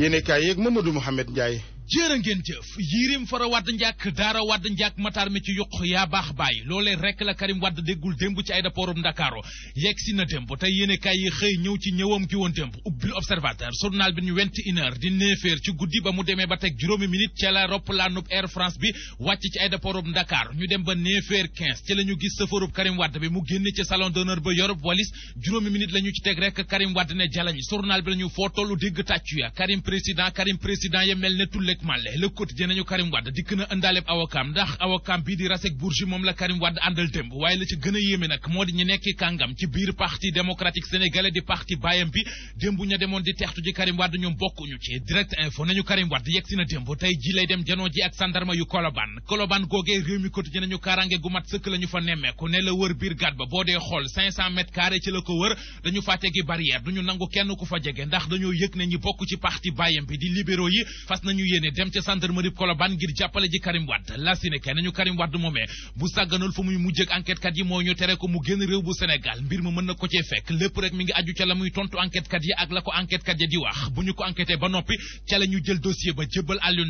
yéene kaay yeeg Mamadou Mouhamed Ndiaye. jërë ngeen jëf yirim fara wadd njàkk daara wadd njàkk mataar mi ci yuq yaa baax bàyyi loolee rek la Karim Wade déggul démb ci aéroportu Ndakaaru yegg na démb tey yéenekaay yi xëy ñëw ci ñëwam gi woon démb ubbil observateur journal bi ñu vingt et di neefeer ci guddi ba mu demee ba teg juróomi minute ci la roppalaanub Air France bi wàcc ci aéroportu Ndakaaru ñu dem ba neefeer ci la gis safarub Karim Wade bi mu génn ci salon d'honneur ba Europe walis juróomi minute Patrick Mallé le quotidien nañu Karim Wade dikk na ëndaaleb awakaam ndax awakaam bii di Rasek Bourgi moom la Karim Wade àndal démb waaye la ci gën a nag moo di ñu nekki kàngam ci biir parti démocratique sénégalais di parti baayam bi démb ña demoon di teextu ji Karim Wade bokkuñu ci direct info nañu Karim Wade yegg na démb tey ji lay dem janoo ak sandarma yu Colobane Colobane googee réew mi quotidien nañu karange gu mat sëkk la fa nemmeeku ne la wër Diagne dem ca gendarmerie Colobane ngir jàppale ji Karim Wade la si ne kay nañu Karim Wade moomee bu sàgganul fa muy mujj ak enquête kat yi mooy ñu tere ko mu génn réew bu Sénégal mbir ma mën na ko cee fekk lépp rek mi ngi aju ca la muy tontu enquête yi ak la ko enquête kat di wax bu ñu ko enquêté ba noppi ca la jël dossier ba jëbal Aliou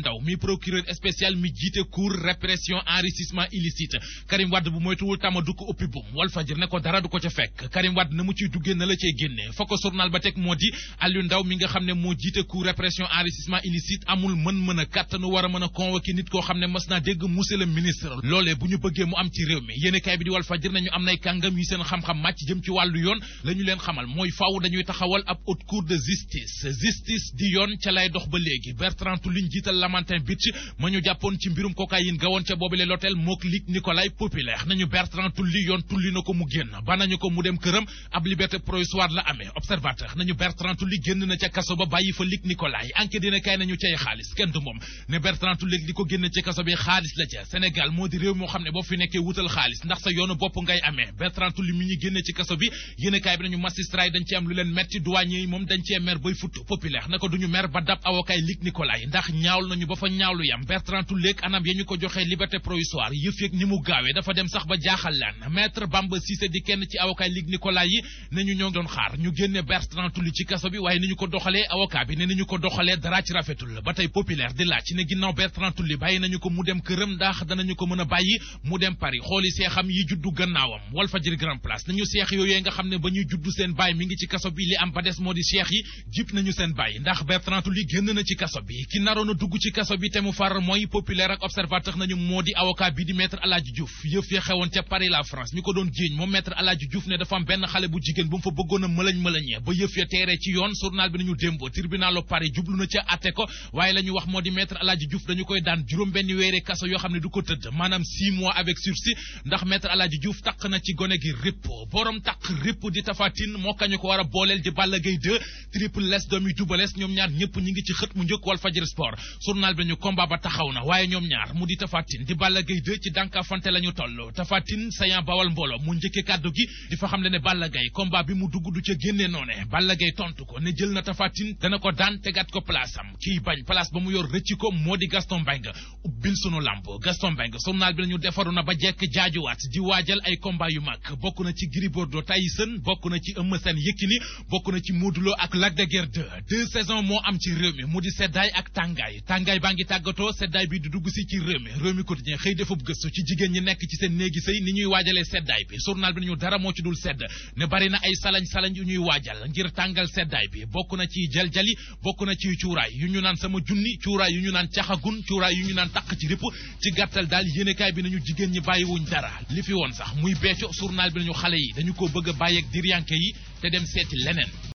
illicite Karim bu moytuwul tama du ko ëppi bu Walf Fadjri ne ko dara du ko ca fekk Karim na mu ciy duggee na ba teg moo di mi nga xam ne moo jiite cour répression enrichissement illicite amul mën mën a kàttanu war a mën a nit koo xam ne mas naa dégg monsieur ministre loolee bu ñu bëggee mu am ci réew mi yéene bi di wal fajir nañu am nay kàngam yi seen xam màcc jëm ci wàllu yoon la leen xamal mooy faaw dañuy taxawal ab haute cour de justice justice di yoon ca lay dox ba léegi Bertrand Touline jiital Lamantin Beach ma ñu jàppoon ci mbirum cocaïne gawoon ca boobile l'hôtel mook lig Nicolas Populaire nañu Bertrand Tulli yoon tulli na jant ne Bertrand léegi ko génn ci kaso bi xaalis la ca Sénégal moo di réew moo xam ne boo fi nekkee wutal xaalis ndax sa yoonu bopp ngay amee Bertrand li mi ñu génn ci kaso bi yéen bi nañu magistrat mer ba dab awokaay Luc Nicolaï ndax ñaawlu nañu ba fa ñaawlu yam Bertrand léegi anam ya ñu ko joxee liberté provisoire yëf yeeg ni mu gaawee dafa dem sax ba jaaxal laan maître Bamba Cissé di kenn ci awokaay Luc Nicolaï yi ne ñu ñoo doon xaar populaire di laaj ne ginnaaw Bertrand Tulli bàyyi nañu ko mu dem këram ndax danañu ko mën bàyyi mu dem Paris xooli seexam yi juddu gannaawam Walfadjri Grand Place nañu seex yooyu nga xam ne ba ñuy juddu seen baay mi ngi ci kaso bi li am ba des moo di seex yi jip nañu seen baay ndax Bertrand Tulli génn na ci kaso bi ki naroon dugg ci kaso bi te mu far mooy populaire ak observateur nañu moo di avocat bi di maître Alaaji Diouf yëf ya xewoon ca Paris moo di maître El Hadji Diouf dañu koy daan juróom benn weere kaso yoo xam ne du ko tëdd maanaam six mois avec sursis ndax maître El Hadji Diouf taq na ci gone gi ripp borom taq ripp di tafatin moo kañu ko war a booleel di Balla Gaye 2 triple less doomi dubales ñoom ñaar ñëpp ñi ngi ci xët mu njëkk wal fajir sport journal bi dañu combat ba taxaw na waaye ñoom ñaar mu di tafatin di Balla Gaye 2 ci dànkafante la ñu toll tafatin sayan bawal mboolo mu njëkke kàddu gi di fa xam le ne mu dugg du ca génnee noone Balla Gaye ko ne jël na tafatin dana ko daan tegaat Kajoor rëcc ko moo di Gaston Mbengue ubbil sunu làmb Gaston Mbengue journal bi nañu defaru na ba jekk jaajuwaat di waajal ay combat yu mag bokk na ci Gris Bordeaux bokk na ci Eumeu Sène Yékini bokk na ci Modou Lo ak Lac de Guiers 2 deux saisons moo am ci réew mi mu di seddaay ak tàngaay tàngaay baa ngi tàggatoo seddaay bi di dugg si ci réew mi réew mi quotidien xëy defub gëstu ci jigéen ñi nekk ci seen néegi sëy ni ñuy waajalee seddaay bi journal bi nañu dara moo ci dul sedd ne bari na ay salañ-salañ yu ñuy waajal ngir tàngal seddaay bi bokk na ci jaljali bokk cuuraay yu ñu naan caxagun cuuraay yu ñu naan taq ci ripp ci gàttal daal yéenekaay bi nañu jigéen ñi bàyyiwuñ dara li fi woon sax muy beeco journal bi nañu xale yi dañu ko bëgg a bàyyeeg diryanke yi te dem seeti leneen